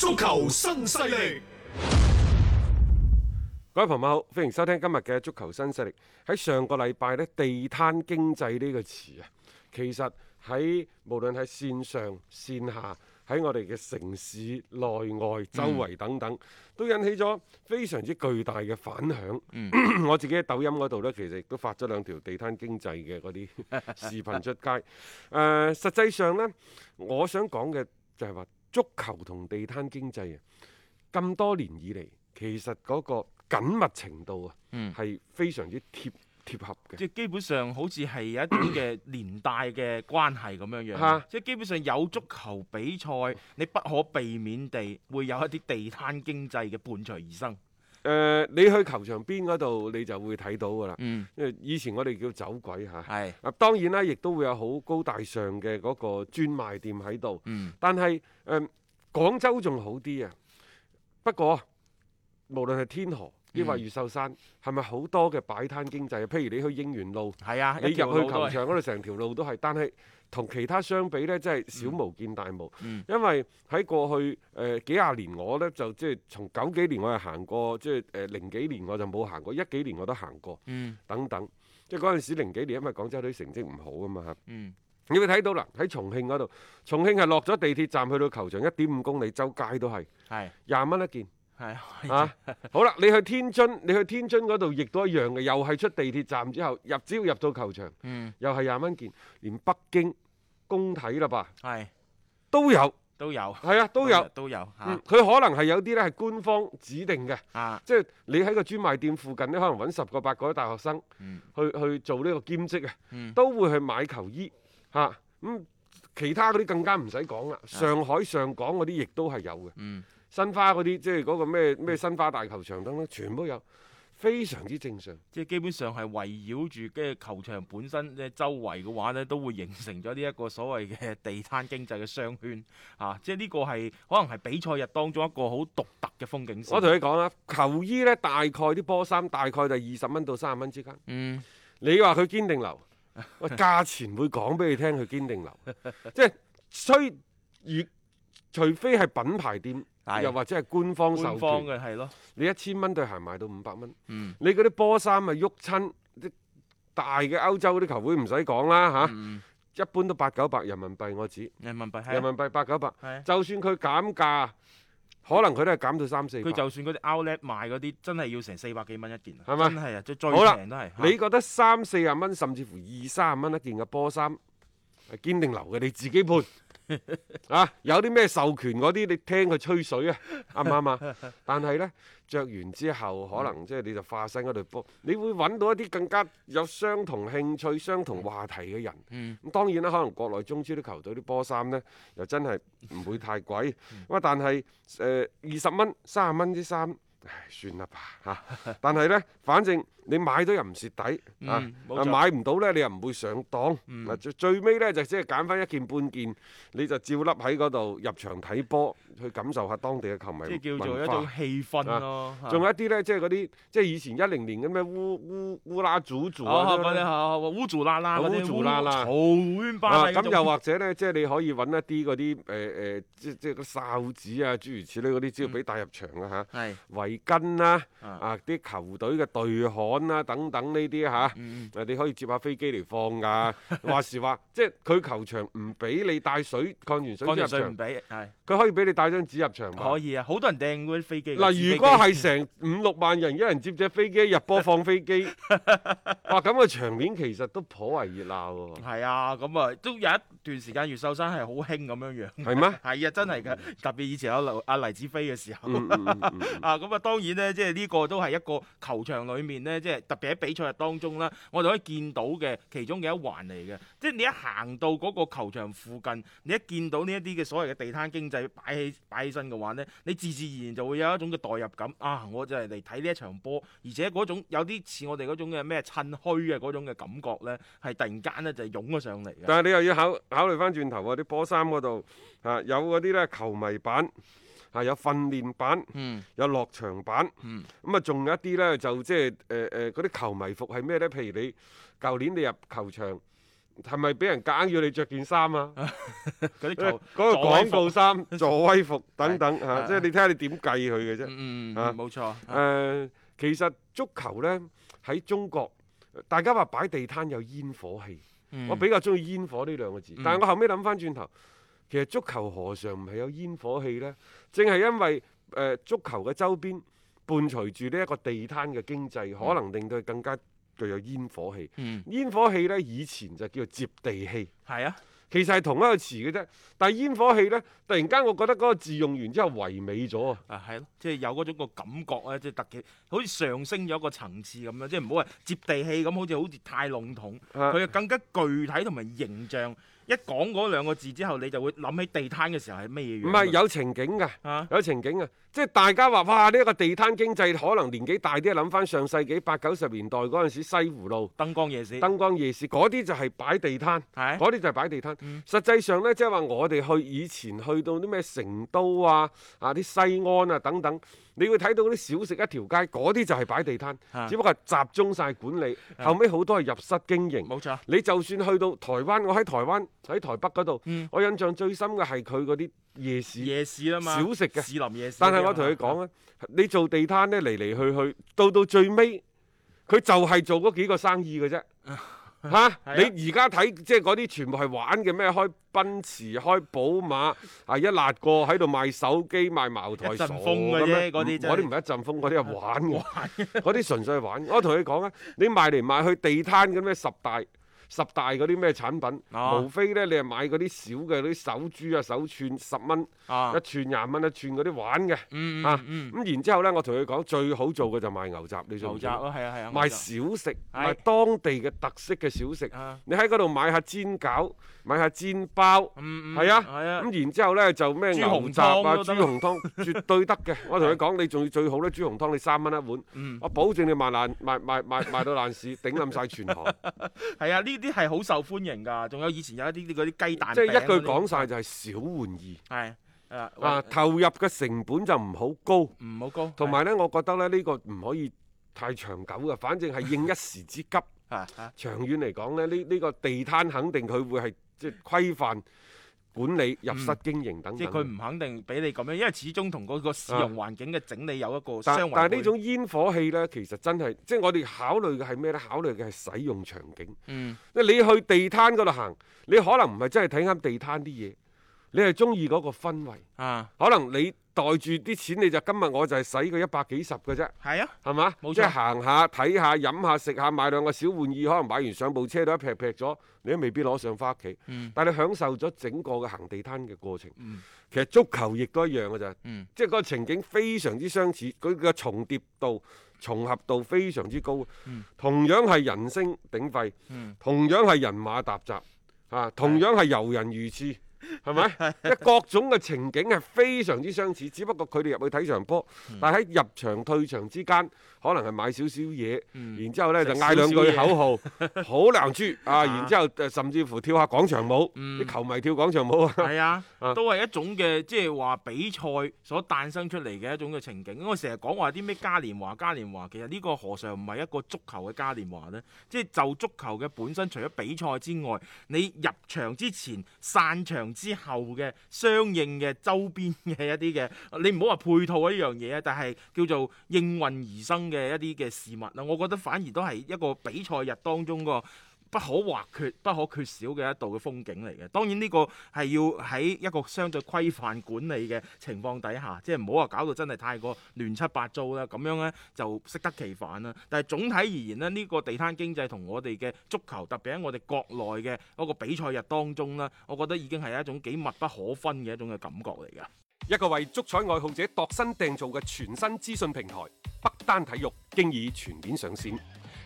足球新勢力，各位朋友好，歡迎收聽今日嘅足球新勢力。喺上個禮拜咧，地攤經濟呢個詞啊，其實喺無論喺線上、線下，喺我哋嘅城市內外、周圍等等，嗯、都引起咗非常之巨大嘅反響、嗯咳咳。我自己喺抖音嗰度呢，其實亦都發咗兩條地攤經濟嘅嗰啲視頻出街。誒、 呃，實際上呢，我想講嘅就係話。足球同地攤經濟啊，咁多年以嚟，其實嗰個緊密程度啊，係、嗯、非常之貼貼合嘅，即係基本上好似係有一啲嘅年代嘅關係咁樣樣， 即係基本上有足球比賽，你不可避免地會有一啲地攤經濟嘅伴隨而生。誒、呃，你去球場邊度，你就會睇到㗎啦。嗯、因為以前我哋叫走鬼吓，係啊，是當然啦，亦都會有好高大上嘅個專賣店喺度。嗯、但係誒、呃，廣州仲好啲啊。不過無論係天河。你話越秀山係咪好多嘅擺攤經濟？譬如你去應元路，係啊，你入去球場嗰度，成條路都係。但係同其他相比呢，真係小巫見大巫。嗯嗯、因為喺過去誒、呃、幾廿年我，我呢就即係從九幾年我係行過，即係誒、呃、零幾年我就冇行過，一幾年我都行過，嗯、等等。即係嗰陣時零幾年，因為廣州隊成績唔好啊嘛。嗯、你會睇到啦，喺重慶嗰度，重慶係落咗地鐵站去到球場一點五公里，周街都係，廿蚊一件。係 啊，好啦，你去天津，你去天津嗰度亦都一樣嘅，又係出地鐵站之後，入只要入到球場，嗯，又係廿蚊件，連北京工體啦吧，係、嗯，都有，都有，係啊，都有，都有嚇，佢可能係有啲咧係官方指定嘅，嚇、啊，即係你喺個專賣店附近咧，你可能揾十個八個大學生去、嗯去，去去做呢個兼職啊，嗯、都會去買球衣，嚇、啊，咁、嗯。其他嗰啲更加唔使講啦，上海、上港嗰啲亦都係有嘅。嗯，申花嗰啲即係嗰個咩咩申花大球場等等，全部都有，非常之正常。即係基本上係圍繞住嘅球場本身即周圍嘅話呢，都會形成咗呢一個所謂嘅地攤經濟嘅商圈嚇、啊。即係呢個係可能係比賽日當中一個好獨特嘅風景線。我同你講啦，球衣呢，大概啲波衫大概就二十蚊到三十蚊之間。嗯，你話佢堅定流？喂， 價錢會講俾你聽，佢堅定流， 即係雖如除非係品牌店，啊、又或者係官方授權嘅，係咯。啊、你一千蚊對鞋賣到五百蚊，嗯、你嗰啲波衫咪鬱親，啲大嘅歐洲嗰啲球會唔使講啦嚇，啊嗯、一般都八九百人民幣我指，人民幣、啊、人民幣八九百，啊、就算佢減價。可能佢都係減到三四，佢就算嗰啲 Outlet 賣嗰啲，真係要成四百幾蚊一件，係咪吧？真係啊，最最平都係。了嗯、你覺得三四十蚊，甚至乎二三十蚊一件嘅波衫，係堅定流嘅，你自己判。 啊！有啲咩授權嗰啲，你聽佢吹水啊？啱唔啱啊？ 但係呢，着完之後可能即係你就化身嗰隊波，你會揾到一啲更加有相同興趣、相同話題嘅人。咁、 嗯、當然啦，可能國內中超啲球隊啲波衫呢，又真係唔會太貴。哇、 嗯呃啊！但係誒二十蚊、三十蚊啲衫，唉算啦吧嚇。但係呢，反正。 你買到又唔蝕底啊！買唔到呢，你又唔會上當。嗱，最尾呢就只係揀翻一件半件，你就照笠喺嗰度入場睇波，去感受下當地嘅球迷。即叫做一種氣氛咯。仲有一啲呢，即係嗰啲即係以前一零年咁嘅烏烏烏拉祖祖啊，烏祖啦啦嗰烏祖啦，咁又或者呢，即係你可以揾一啲嗰啲誒誒，即即係個哨子啊，諸如此類嗰啲，只要俾帶入場啊嚇。係圍巾啦，啊啲球隊嘅隊海。啦，等等呢啲嚇，你可以接下飛機嚟放㗎。話時話，即係佢球場唔俾你帶水、礦泉水入場，唔俾，係佢可以俾你帶張紙入場。可以啊，好多人掟嗰啲飛機。嗱，如果係成五六萬人，一人接隻飛機入波放飛機，哇！咁嘅場面其實都頗為熱鬧喎。係啊，咁啊都有一段時間，越秀山係好興咁樣樣。係咩？係啊，真係嘅，特別以前有流阿黎子飛嘅時候。啊，咁啊當然咧，即係呢個都係一個球場裏面咧。即係特別喺比賽日當中啦，我哋可以見到嘅其中嘅一環嚟嘅。即係你一行到嗰個球場附近，你一見到呢一啲嘅所謂嘅地攤經濟擺起擺起身嘅話呢，你自自然然就會有一種嘅代入感啊！我就係嚟睇呢一場波，而且嗰種有啲似我哋嗰種嘅咩趁墟嘅嗰種嘅感覺呢，係突然間呢就湧咗上嚟嘅。但係你又要考考慮翻轉頭喎，啲波衫嗰度啊有嗰啲呢球迷版，嚇有訓練版，有落場版，咁啊仲有一啲咧就即係誒誒嗰啲球迷服係咩咧？譬如你舊年你入球場，係咪俾人硬要你着件衫啊？嗰啲球，嗰個廣告衫、助威服等等嚇，即係你睇下你點計佢嘅啫。啊，冇錯。誒，其實足球咧喺中國，大家話擺地攤有煙火氣，我比較中意煙火呢兩個字，但係我後尾諗翻轉頭。其實足球何嘗唔係有煙火氣呢？正係因為誒、呃、足球嘅周邊伴隨住呢一個地攤嘅經濟，嗯、可能令到佢更加具有煙火氣。嗯、煙火氣呢，以前就叫做接地氣。係啊，其實係同一個詞嘅啫。但係煙火氣呢，突然間我覺得嗰個字用完之後唯美咗啊！啊，咯，即係有嗰種個感覺啊！即係特別，好似上升咗一個層次咁樣。即係唔好話接地氣咁，好似好似太籠統。佢就更加具體同埋形象。啊啊一講嗰兩個字之後，你就會諗起地攤嘅時候係咩嘢？唔係有情景㗎，有情景啊！景即係大家話哇，呢、這、一個地攤經濟可能年紀大啲，諗返上世紀八九十年代嗰陣時，西湖路燈光夜市，燈光夜市嗰啲就係擺地攤，嗰啲、啊、就係擺地攤。嗯、實際上呢，即係話我哋去以前去到啲咩成都啊、啊啲西安啊等等。你會睇到嗰啲小食一條街，嗰啲就係擺地攤，是只不過集中晒管理。是後尾好多係入室經營。冇錯，你就算去到台灣，我喺台灣喺台北嗰度，嗯、我印象最深嘅係佢嗰啲夜市。夜市啊嘛，小食嘅，士林夜市。但係我同佢講啊，是你做地攤呢，嚟嚟去去，到到最尾，佢就係做嗰幾個生意嘅啫。嗯嚇！哈啊、你而家睇即係嗰啲全部係玩嘅咩？開奔馳、開寶馬，係 一辣個喺度賣手機、賣茅台，爽！嗰啲啲唔係一陣風，嗰啲係玩，嗰啲 純粹係玩。我同你講啊，你賣嚟賣去地攤咁咩十大，十大嗰啲咩產品，無非呢，你係買嗰啲小嘅嗰啲手珠啊手串十蚊，一串廿蚊一串嗰啲玩嘅，啊咁然之後呢，我同佢講最好做嘅就賣牛雜，你做牛雜啊，賣小食，賣當地嘅特色嘅小食。你喺嗰度買下煎餃，買下煎包，係啊，咁然之後呢，就咩？牛雜啊，豬紅湯絕對得嘅。我同佢講，你仲要最好呢豬紅湯你三蚊一碗，我保證你賣爛賣賣到爛市，頂冧晒全行。係啊，呢。呢啲係好受歡迎㗎，仲有以前有一啲啲嗰啲雞蛋，即係一句講晒就係小玩意。係啊，啊，啊，投入嘅成本就唔好高，唔好高。同埋咧，是啊、我覺得咧呢、呢個唔可以太長久㗎，反正係應一時之急嚇嚇。 是啊、長遠嚟講咧，呢呢個地攤肯定佢會係即係規範。管理入室經營等，等、嗯、即係佢唔肯定俾你咁樣，因為始終同嗰個市容環境嘅整理有一個相、啊。但係呢種煙火氣呢，其實真係即係我哋考慮嘅係咩咧？考慮嘅係使用場景。嗯，即係你去地攤嗰度行，你可能唔係真係睇啱地攤啲嘢。你係中意嗰個氛圍啊？可能你袋住啲錢，你就今日我就係使佢一百幾十嘅啫。係啊，係嘛？冇錯。即係行下睇下飲下食下買兩個小玩意，可能買完上部車都一劈劈咗，你都未必攞上翻屋企。但係你享受咗整個嘅行地攤嘅過程。其實足球亦都一樣嘅咋，即係嗰個情景非常之相似，佢嘅重疊度、重合度非常之高。同樣係人聲鼎沸。同樣係人馬沓雜。啊，同樣係遊人如織。係咪？即各種嘅情景係非常之相似，只不過佢哋入去睇場波，但喺入場退場之間，可能係買少少嘢，然之後呢，就嗌兩句口號，好難出。啊！然之後甚至乎跳下廣場舞，啲球迷跳廣場舞啊，係啊，都係一種嘅即係話比賽所誕生出嚟嘅一種嘅情景。我成日講話啲咩嘉年華嘉年華，其實呢個何嘗唔係一個足球嘅嘉年華呢？即係就足球嘅本身，除咗比賽之外，你入場之前散場，之後嘅相應嘅周邊嘅一啲嘅，你唔好話配套一樣嘢啊，但係叫做應運而生嘅一啲嘅事物嗱，我覺得反而都係一個比賽日當中個。不可或缺、不可缺少嘅一道嘅風景嚟嘅。當然呢個係要喺一個相對規範管理嘅情況底下，即係唔好話搞到真係太過亂七八糟啦。咁樣呢就適得其反啦。但係總體而言咧，呢、呢個地攤經濟同我哋嘅足球，特別喺我哋國內嘅嗰個比賽日當中啦，我覺得已經係一種幾密不可分嘅一種嘅感覺嚟㗎。一個為足彩愛好者度身訂造嘅全新資訊平台北單體育，經已全面上線。